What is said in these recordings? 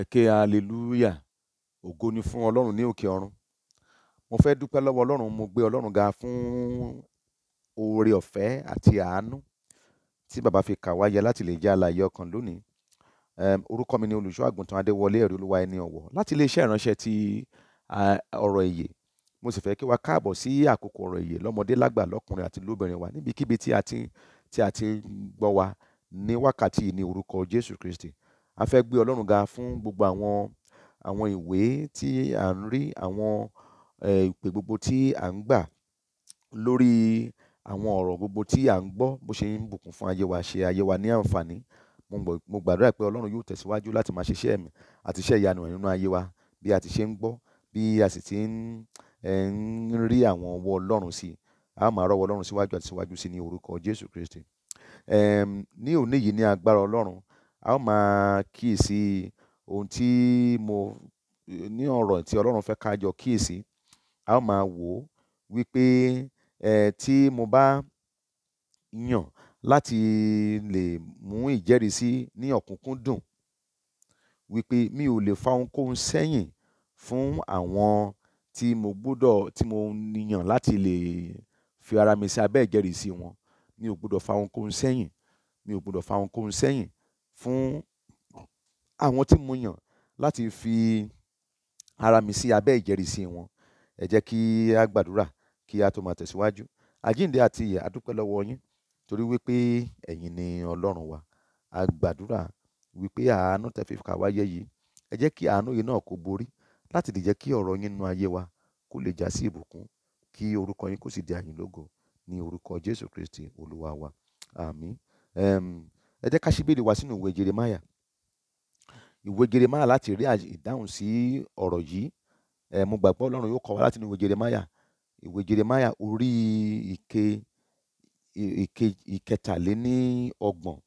Ẹ hallelujah. Ògo ni fún Ọlọ́run ní òkè ọ̀run. Mo fẹ́ dúpẹ́ lọ́wọ́ Ọlọ́run, mo gbé Ọlọ́run ga fún oore ọ̀fẹ́ àti àánú tí bàbá fi kà wá yẹ láti lè jẹ́ alààyè ọkàn lónìí. orúkọ mi ni Olùṣọ́ àgùntàn Adéwọlé ẹ̀rí Olúwa ẹni ọ̀wọ̀ láti ilé ìránṣẹ́ ti ọ̀rọ̀ ìyè. Mo sì fẹ́ kí wa káàbọ̀ sí àkókò ọ̀rọ̀ ìyè lọ́mọdé lágbà lọ́kùnrin àti lóbìnrin wa níbikíbi tí a ti ń gbọ́ wa ní wákàtí yìí ní orúkọ Jésù Kristi a fẹ́ gbé Ọlọ́run ga fún gbogbo àwọn, àwọn ìwé tí à ń rí, àwọn eh ìpè gbogbo tí à ń gbà lórí àwọn ọ̀rọ̀ gbogbo tí à ń gbọ́ bó ṣe ń bùkún fún ayé wa, ṣe ayé wa ní àǹfààní. Mo gbàdúrà pé Ọlọ́run yóò tẹ̀síwájú láti máa ṣe iṣẹ́ àti iṣẹ́ ìyanu rẹ̀ nínú ayé wa bí a ti ṣe ń gbọ́, bí a sì ti ń rí àwọn ọwọ́ Ọlọ́run sí. A máa rọ́wọ́ Ọlọ́run síwájú àti síwájú sí ní orúkọ Jésù Kristi. ní òní yìí ní agbára Ọlọ́run, a ó máa kíyèsí ohun tí mo ní ọ̀rọ̀ tí Ọlọ́run fẹ́ ká jọ kíyèsí. A ó máa wò ó wípé eh, tí mo bá yàn láti lè mú ìjẹ́rìísí ní ọ̀kúnkúndùn wípé mi ò lè fa ohunkóhun sẹ́yìn fún àwọn tí mo gbọ́dọ̀ tí mo yàn láti lè fi ara mi sí abẹ́ ìjẹ́rìísí wọn. Mi ò gbọ́dọ̀ fa ohunkóhun sẹ́yìn, mi ò gbọ́dọ̀ fa ohunkóhun sẹ́yìn fún àwọn tí mo yàn láti fi ara mi sí abẹ́ ìjẹ́rìísí wọn. Ẹ jẹ́ kí a gbàdúrà kí a tó máa tẹ̀síwájú. Àjíǹde àti ìyè a dúpẹ́ lọ́wọ́ yín torí wípé ẹ̀yin ni Ọlọ́run wa. A gbàdúrà wípé àánú tẹ fi kà wá yẹ yìí. Ẹ jẹ́ kí àánú yìí náà kó borí láti lè jẹ́ kí ọ̀rọ̀ yín nínú ayé wa kó lè jásí ìbùkún, kí orúkọ yín kó sì di àyìn ní orúkọ Jésù Kristi Olúwa wa. Àmín. Ẹ jẹ́ ká ṣí bèrè wa sínú ìwé Jeremáyà. Ìwé Jeremáyà láti rí ìdáhùn sí ọ̀rọ̀ yìí. Ẹ̀ mo gbàgbọ́ Ọlọ́run yóò kọ́ wa láti inú ìwé Jeremáyà. Ìwé Jeremáyà orí ike, ike ìkẹtàléní ọgbọ̀n.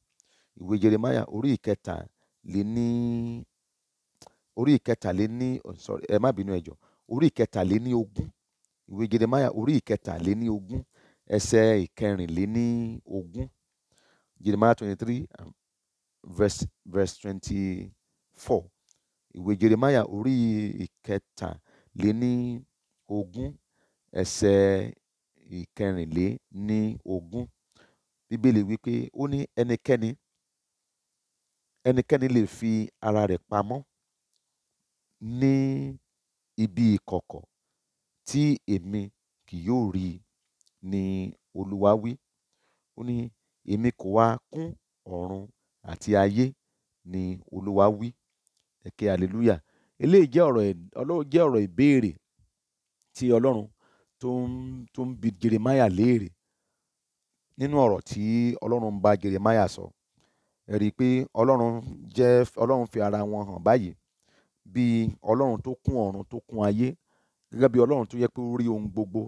Ìwé Jeremáyà orí ìkẹtàléní, orí ìkẹtàléní, oh sorry, ẹ má bínú ẹ jọ̀ọ́. Orí ìkẹtàléní ogún. Ìwé Jeremáyà orí ìkẹtàléní ogún. Ẹsẹ ìkẹrìnléní ogún. Jeremiah 23 verse verse 24 ìwé Jeremiah orí ìkẹtàléní ogún ẹsẹ̀ ìkẹrìnléní ogún bíbélì wípé ó ní ẹnikẹ́ni ẹnikẹ́ni lè fi ara rẹ̀ pamọ́ ní ibi ìkọ̀kọ̀ tí èmi kì yóò rí i ni Olúwa wí ó ní Èmi kò wá kún ọ̀run àti ayé ni Olúwa wí. Ẹ ké hallelujah. Eléyìí jẹ́ ọ̀rọ̀, Ọlọ́run jẹ́ ọ̀rọ̀ ìbéèrè tí Ọlọ́run tó ń, tó ń bi Jeremiah léèrè. Nínú ọ̀rọ̀ tí Ọlọ́run bá Jeremiah sọ, ẹ rí i pé Ọlọ́run jẹ́, Ọlọ́run fi ara wọn hàn báyìí bí Ọlọ́run tó kún ọ̀run, tó kún ayé, gẹ́gẹ́ bí Ọlọ́run tó yẹ pé ó rí ohun gbogbo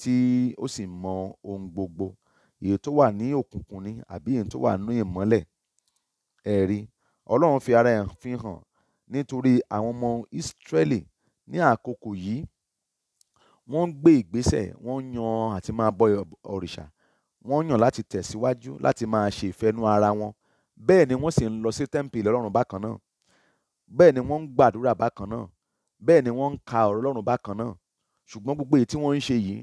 tí ó sì mọ ohun gbogbo èyí tó wà ní òkùnkùn ni àbí èyí tó wà ní ìmọ́lẹ̀. Ẹ̀rí, Ọlọ́run fi ara ẹ̀ fi hàn nítorí àwọn ọmọ Ísírẹ́lì ní àkókò yìí wọ́n ń gbé ìgbésẹ̀, wọ́n yan àti máa bọ òrìṣà, wọ́n yàn láti tẹ̀síwájú láti máa ṣe ìfẹ́nú ara wọn. Bẹ́ẹ̀ ni wọ́n sì ń lọ sí tẹ́ḿpìlì Ọlọ́run bákan náà. Bẹ́ẹ̀ ni wọ́n ń gbàdúrà bákan náà. Bẹ́ẹ̀ ni wọ́n ń ka ọ̀rọ̀ Ọlọ́run bákan náà. Ṣùgbọ́n gbogbo èyí tí wọ́n ń ṣe yìí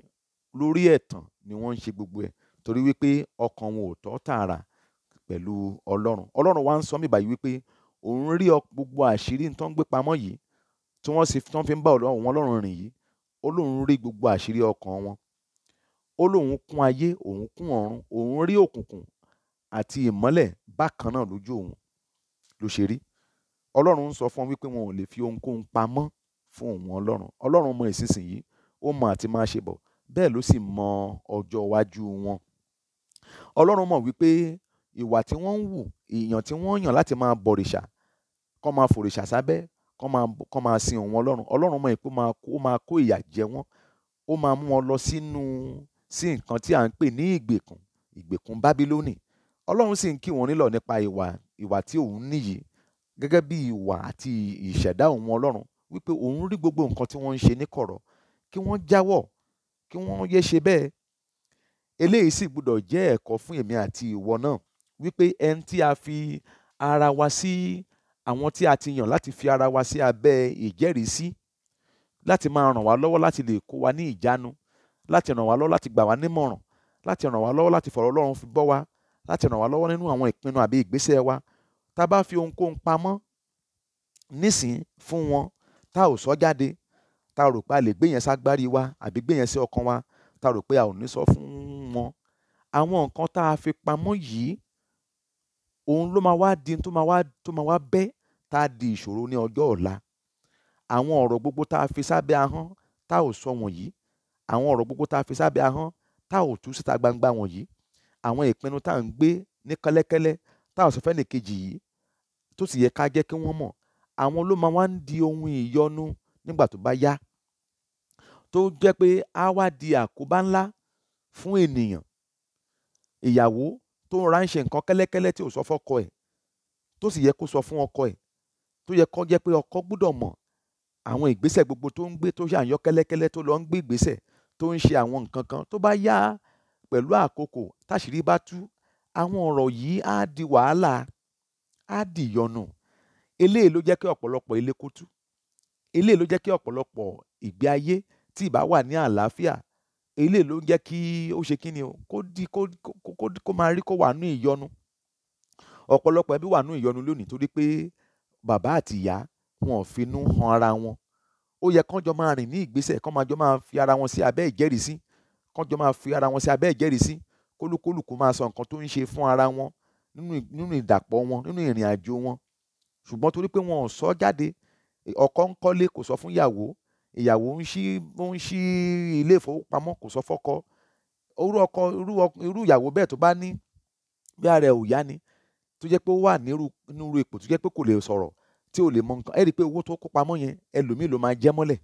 lórí ẹ̀tàn ni wọ́n ń ṣe gbogbo ẹ̀ torí wípé ọkàn wọn ò tọ́ tààrà pẹ̀lú ọlọ́run ọlọ́run wa ń sọ mí báyìí wípé òun rí gbogbo àṣírí tó ń gbé pamọ́ yìí tí wọ́n sì tán fi ń bá òun ọlọ́run rìn yìí ó lóun rí gbogbo àṣírí ọkàn wọn ó lóun kún ayé òun kún ọ̀run òun rí òkùnkùn àti ìmọ́lẹ̀ bákan náà lójú òun ló ṣe rí ọlọ́run ń sọ fún wọn wípé wọn ò lè fi ohunkóhun pamọ́ fún òun ọlọ́run ọlọ́run mọ ìsinsìnyí ó mọ àti máa ṣe bọ̀ bẹ́ẹ̀ ló sì mọ ọjọ́ iwájú wọn ọlọ́run mọ̀ wípé ìwà tí wọ́n ń wù èèyàn tí wọ́n yàn láti máa bọ̀rìṣà kọ́ máa fòrìṣà sábẹ́ kọ́ máa kọ́ máa sin òun ọlọ́run ọlọ́run mọ̀ pé ó máa kó ìyà jẹ wọ́n ó máa mú wọn lọ sínú sí nǹkan tí à ń pè ní ìgbèkùn ìgbèkùn bábílónì ọlọ́run sì ń kí wọn nílọ̀ nípa ìwà ìwà tí òun níyì gẹ́gẹ́ bí ìwà àti ìṣẹ̀dá òun ọlọ́run wípé òun rí gbogbo nǹkan tí wọ́n ń ṣe níkọ̀rọ̀ kí wọ́n jáwọ́ kí wọ́n yé ṣe bẹ́ẹ̀ eléyìí sì gbọ́dọ̀ jẹ́ ẹ̀kọ́ fún èmi àti ìwọ náà wípé ẹni tí a fi ara wa sí àwọn tí a ti yàn láti fi ara wa sí abẹ́ ìjẹ́rìísí láti máa ràn wá lọ́wọ́ láti lè kó wa ní ìjánu láti ràn wá lọ́wọ́ láti gbà wá nímọ̀ràn láti ràn wá lọ́wọ́ láti fọ̀rọ̀ Ọlọ́run fi bọ́ wa láti ràn wá lọ́wọ́ nínú àwọn ìpinnu àbí ìgbésẹ̀ wa tá a bá fi ohunkóhun pamọ́ nísìn fún wọn tá ò sọ jáde tá a rò pé a lè gbé yẹn ságbárí wa àbí gbé yẹn sí ọkàn wa tá a rò pé a ò ní sọ fún àwọn nǹkan tá a fi pamọ́ yìí òun ló máa wá di tó máa wá tó máa wá bẹ́ tá a di ìṣòro ní ọjọ́ ọ̀la àwọn ọ̀rọ̀ gbogbo tá a fi sábẹ́ ahọ́n tá ò sọ wọ̀nyí àwọn ọ̀rọ̀ gbogbo tá a fi sábẹ́ ahọ́n tá ò tú síta gbangba wọ̀nyí àwọn ìpinnu tá à ń gbé ní kẹ́lẹ́kẹ́lẹ́ tá ò sọ fẹ́ nìkejì yìí tó sì yẹ ká jẹ́ kí wọ́n mọ̀ àwọn ló máa wá ń di ohun ìyọnu nígbà tó bá yá tó jẹ́ pé á wá di àkóbá ńlá fún ènìyàn ìyàwó tó ń ránṣẹ́ nǹkan kẹ́lẹ́kẹ́lẹ́ tí ò sọ fọ́kọ ẹ̀ tó sì yẹ kó sọ fún ọkọ ẹ̀ tó yẹ kó jẹ́ pé ọkọ gbúdọ̀ mọ̀ àwọn ìgbésẹ̀ gbogbo tó ń gbé tó ṣàyàn kẹ́lẹ́kẹ́lẹ́ tó lọ ń gbé ìgbésẹ̀ tó ń ṣe àwọn nǹkan kan tó bá yá pẹ̀lú àkókò táṣìírí bá tú àwọn ọ̀rọ̀ yìí á di wàhálà á di ìyọnu eléyìí ló jẹ́ kí ọ̀pọ̀lọpọ̀ ilé kó tú eléyìí ló jẹ́ kí ọ̀pọ̀lọpọ̀ ìgbé ayé tí ìbá wà ní àlàáfíà eléyìí ló ń jẹ́ kí ó ṣe kíni o kó di kó kó kó máa rí kó wà nú ìyọnu ọ̀pọ̀lọpọ̀ ẹbí wà nú ìyọnu lónìí torí pé bàbá àti ìyá wọn ò finú han ara wọn ó yẹ kán jọ máa rìn ní ìgbésẹ̀ kán máa jọ máa fi ara wọn sí abẹ́ ìjẹ́rìísí kán jọ máa fi ara wọn sí abẹ́ ìjẹ́rìísí kólúkólùkù máa sọ nǹkan tó ń ṣe fún ara wọn nínú ìdàpọ̀ wọn nínú ìrìn àjò wọn ṣùgbọ́n torí pé wọn ò sọ jáde ọkọ ń kọ́lé kò sọ fún ìyàwó ìyàwó ń ṣí ń ṣí ilé ìfowópamọ́ kò sọ fọ́kọ irú ọkọ irú irú ìyàwó bẹ́ẹ̀ tó bá ní bí ara ẹ̀ ò yá ni tó jẹ́ pé ó wà nírú nírú ipò tó jẹ́ pé kò lè sọ̀rọ̀ tí ò lè mọ nǹkan ẹ rí i pé owó tó kó pamọ́ yẹn ẹlòmíì ló máa jẹ́ mọ́lẹ̀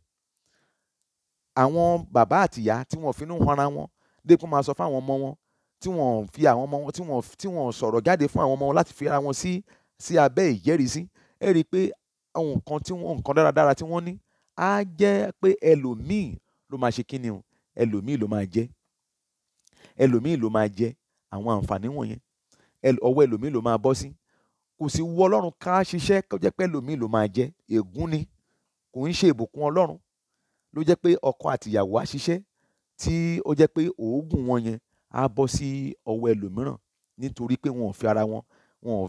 àwọn bàbá àtìyá tí wọ́n fi ń hanra wọn dépò máa sọ fáwọn ọmọ wọn tí wọ́n fi àwọn ọmọ wọn tí wọ́n tí wọ́n sọ̀rọ̀ jáde fún àwọn ọmọ wọn láti fi ara wọn sí sí abẹ́ ìjẹ́rìísí ẹ rí i pé nǹkan dáradára tí wọ́n ní á jẹ́ pé ẹlòmíì ló máa ṣe kí ni o ẹlòmíì ló máa jẹ́ ẹlòmíì ló máa jẹ́ àwọn àǹfààní wọ̀nyẹn ọwọ́ ẹlòmíì ló máa bọ́ sí kò sí wu ọlọ́run ká ṣiṣẹ́ kó jẹ́ pé ẹlòmíì ló máa jẹ́ ègún ni kò ń ṣe ìbùkún ọlọ́run ló jẹ́ pé ọkọ àtìyàwó á ṣiṣẹ́ tí ó jẹ́ pé òógùn wọn yẹn á bọ́ sí ọwọ́ ẹlòmíràn nítorí pé wọn ò fi ara wọn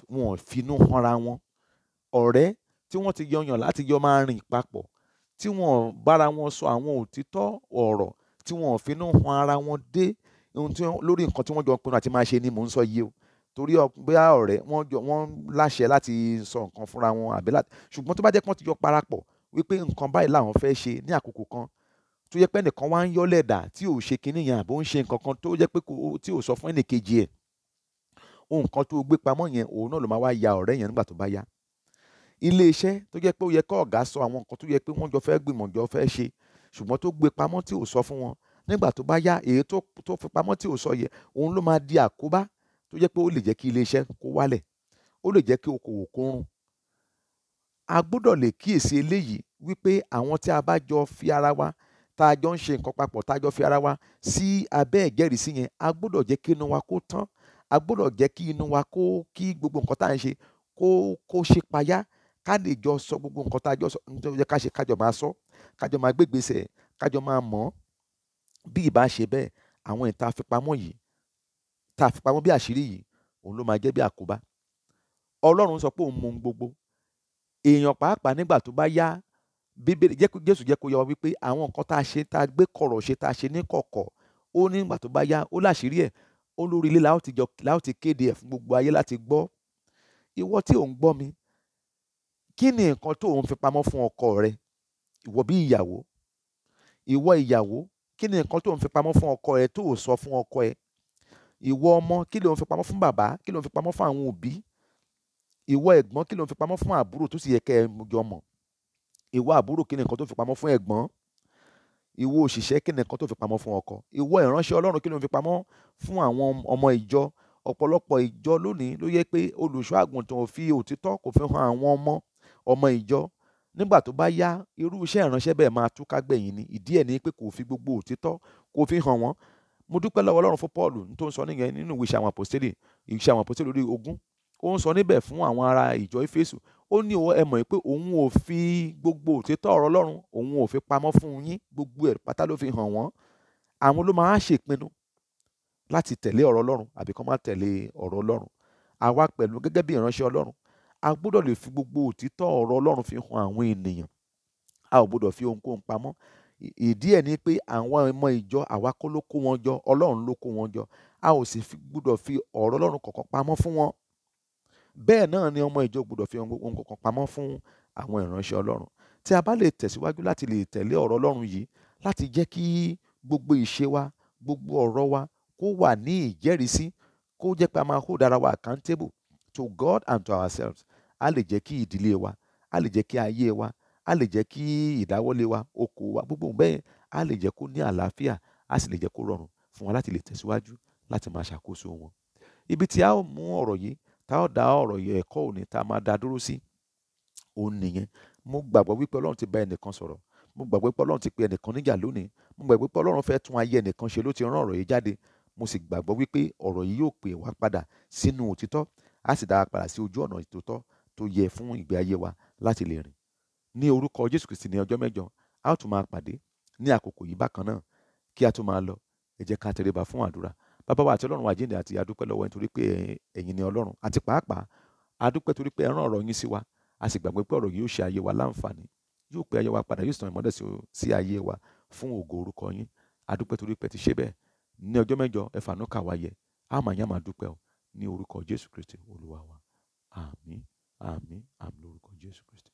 wọn ò finú hanra wọn ọ̀rẹ́ tí wọ́n ti yọyàn láti jọ máa rìn papọ̀ tí wọn ò bára wọn sọ àwọn òtítọ́ ọ̀rọ̀ tí wọn ò finú han ara wọn dé ohun tí lórí nǹkan tí wọ́n jọ pinnu àti máa ṣe ni mò ń sọ yìí o torí bóyá ọ̀rẹ́ wọ́n jọ wọ́n láṣẹ láti sọ nǹkan fúnra wọn àbí láti ṣùgbọ́n tó bá jẹ́ pọ́n ti jọ parapọ̀ wípé nǹkan báyìí làwọn fẹ́ ṣe ní àkókò kan tó yẹ pé ẹnìkan wá ń yọ́lẹ̀ dà tí ò ṣe kinní yẹn àbó ń ṣe nǹkan kan tó yẹ pé tí ò sọ fún ẹnìkejì ẹ̀ ohun kan tó gbé pamọ́ yẹn òun náà ló máa wá ya ọ̀rẹ́ yẹn nígbà tó bá yá ilé iṣẹ́ tó jẹ́ pé ó yẹ kó ọ̀gá sọ àwọn nǹkan tó yẹ pé wọ́n jọ fẹ́ gbìmọ̀ jọ fẹ́ ṣe ṣùgbọ́n tó gbé pamọ́ tí ò sọ fún wọn nígbà tó bá yá èyí tó fi pamọ́ tí ò sọ yẹ òun ló máa di àkóbá tó jẹ́ pé ó lè jẹ́ kí ilé kó wálẹ̀ ó lè jẹ́ kí okòwò kó rún a gbọ́dọ̀ lè kíyèsí eléyìí wípé àwọn tí a bá jọ fi ara wa tá a jọ ń ṣe nǹkan papọ̀ tá a jọ fi ara wa sí abẹ́ ìjẹ́rìísí yẹn a gbọ́dọ̀ jẹ́ kí inú wa kó tán a gbọ́dọ̀ jẹ́ kí inú wa kó kí gbogbo nǹkan tá à ń ṣe kó kó ṣe payá ká lè jọ sọ gbogbo nǹkan tá a jọ sọ nítorí yẹ ká ṣe kájọ máa sọ kájọ máa gbégbèsè kájọ máa mọ̀ bí ìbá ṣe bẹ́ẹ̀ àwọn ìta àfipamọ́ yìí tá a fipamọ́ bí àṣírí yìí òun ló máa jẹ́ bí àkóbá ọlọ́run sọ pé òun mọ ohun gbogbo èèyàn pàápàá nígbà tó bá yá bíbélì jésù jẹ́ kó yọ wípé àwọn nǹkan tá a ṣe tá a gbé kọ̀rọ̀ ṣe tá a ṣe ní kọ̀kọ̀ ó nígbà tó bá yá ó láṣìírí ẹ̀ ó lórí ilé láò ti kéde ẹ̀ fún gbogbo ayé láti gbọ́ ìwọ tí ò ń mi kí ni nǹkan tó ń fi pamọ́ fún ọkọ rẹ ìwọ bí ìyàwó ìwọ ìyàwó kí ni nǹkan tó ń fi pamọ́ fún ọkọ rẹ tó ò sọ fún ọkọ ẹ ìwọ ọmọ kí ló ń fi pamọ́ fún bàbá kí ló ń fi pamọ́ fún àwọn òbí ìwọ ẹ̀gbọ́n kí ló ń fi pamọ́ fún àbúrò tó sì yẹ kẹ́ ẹ jọ mọ̀ ìwọ àbúrò kí ni nǹkan tó fi pamọ́ fún ẹ̀gbọ́n ìwọ òṣìṣẹ́ kí ni nǹkan tó fi pamọ́ fún ọkọ ìwọ ìránṣẹ́ Ọlọ́run kí ló ń fi pamọ́ fún àwọn ọmọ ìjọ ọ̀pọ̀lọpọ̀ ìjọ lónìí ló yẹ pé olùṣọ́ àgùntàn ò fi òtítọ́ kò fi hàn àwọn ọmọ ọmọ ìjọ nígbà tó bá yá irú iṣẹ́ ìránṣẹ́ bẹ́ẹ̀ máa tú kágbẹ̀yìn ni ìdí ẹ̀ ni pé kò fi gbogbo òtítọ́ kò fi hàn wọ́n mo dúpẹ́ lọ́wọ́ ọlọ́run fún paul tó ń sọ nìyẹn nínú ìwé ìṣàwọn àpòstélì ìṣàwọn àpòstélì orí ogún ó ń sọ níbẹ̀ fún àwọn ará ìjọ éfésù ó ní ẹ mọ̀ pé òun ò fi gbogbo òtítọ́ ọ̀rọ̀ ọlọ́run òun ò fi pamọ́ fún yín gbogbo ẹ̀ pátá ló fi hàn wọ́n àwọn ló máa ṣèpinnu láti tẹ̀lé ọ̀rọ̀ ọlọ́run àbí kán má tẹ̀lé ọ̀rọ̀ ọlọ́run àwa pẹ̀lú gẹ́gẹ́ bí ìránṣẹ́ ọlọ́run a gbọ́dọ̀ lè fi gbogbo òtítọ́ ọ̀rọ̀ Ọlọ́run fi hàn àwọn ènìyàn a ò gbọ́dọ̀ fi ohunkóhun pamọ́ ìdí ẹ̀ ni pé àwọn ọmọ ìjọ àwa kọ́ ló kó wọn jọ Ọlọ́run ló kó wọn jọ a ò sì gbọ́dọ̀ fi ọ̀rọ̀ Ọlọ́run kọ̀ọ̀kan pamọ́ fún wọn bẹ́ẹ̀ náà ni ọmọ ìjọ gbọ́dọ̀ fi ohun kọ̀ọ̀kan pamọ́ fún àwọn ìránṣẹ́ Ọlọ́run tí a bá lè tẹ̀síwájú láti lè tẹ̀lé ọ̀rọ̀ Ọlọ́run yìí láti jẹ́ kí gbogbo ìṣe wa gbogbo ọ̀rọ̀ wa kó wà ní ìjẹ́rìísí kó jẹ́ pé a máa hold ara wa accountable to God and to ourselves a lè jẹ́ kí ìdílé wa a lè jẹ́ kí ayé wa a lè jẹ́ kí ìdáwọ́lé wa oko wa gbogbo bẹ́ẹ̀ a lè jẹ́ kó ní àlàáfíà a sì lè jẹ́ kó rọrùn fún wa láti lè tẹ̀síwájú láti máa ṣàkóso wọn. ibi tí a ó mú ọ̀rọ̀ yìí tá ó dá ọ̀rọ̀ yìí ẹ̀kọ́ òní tá a máa dá dúró sí òun nìyẹn mo gbàgbọ́ wípé Ọlọ́run ti bá ẹnìkan sọ̀rọ̀ mo gbàgbọ́ pé Ọlọ́run ti pe ẹnìkan á sì dá a padà sí ojú ọ̀nà ìtòótọ́ tó yẹ fún ìgbé ayé wa láti lè rìn ní orúkọ Jésù Kristi ní ọjọ́ mẹ́jọ a tún máa pàdé ní àkókò yìí bákan náà kí a tó máa lọ ẹ jẹ́ ká tẹríba fún àdúrà bàbá wa àti ọlọ́run àjíǹde àti adúpẹ́ lọ́wọ́ nítorí pé ẹ̀yin ni ọlọ́run àti pàápàá adúpẹ́ torí pé ẹ rán ọ̀rọ̀ yín sí wa a sì gbàgbé pé ọ̀rọ̀ yìí yóò ṣe ayé wa láǹfààní yóò pe ayé wa padà yóò sàn ìmọ́lẹ̀ sí ayé wa fún ògo orúkọ yín adúpẹ́ torí pé ti ṣe bẹ́ẹ̀ ní ọjọ́ mẹ́jọ ẹ fàánú kà wá máa dúpẹ́ o ní orúkọ Jésù Kristi Olúwa wa. Àmín, àmín, àmín lórúkọ Jésù Kristi.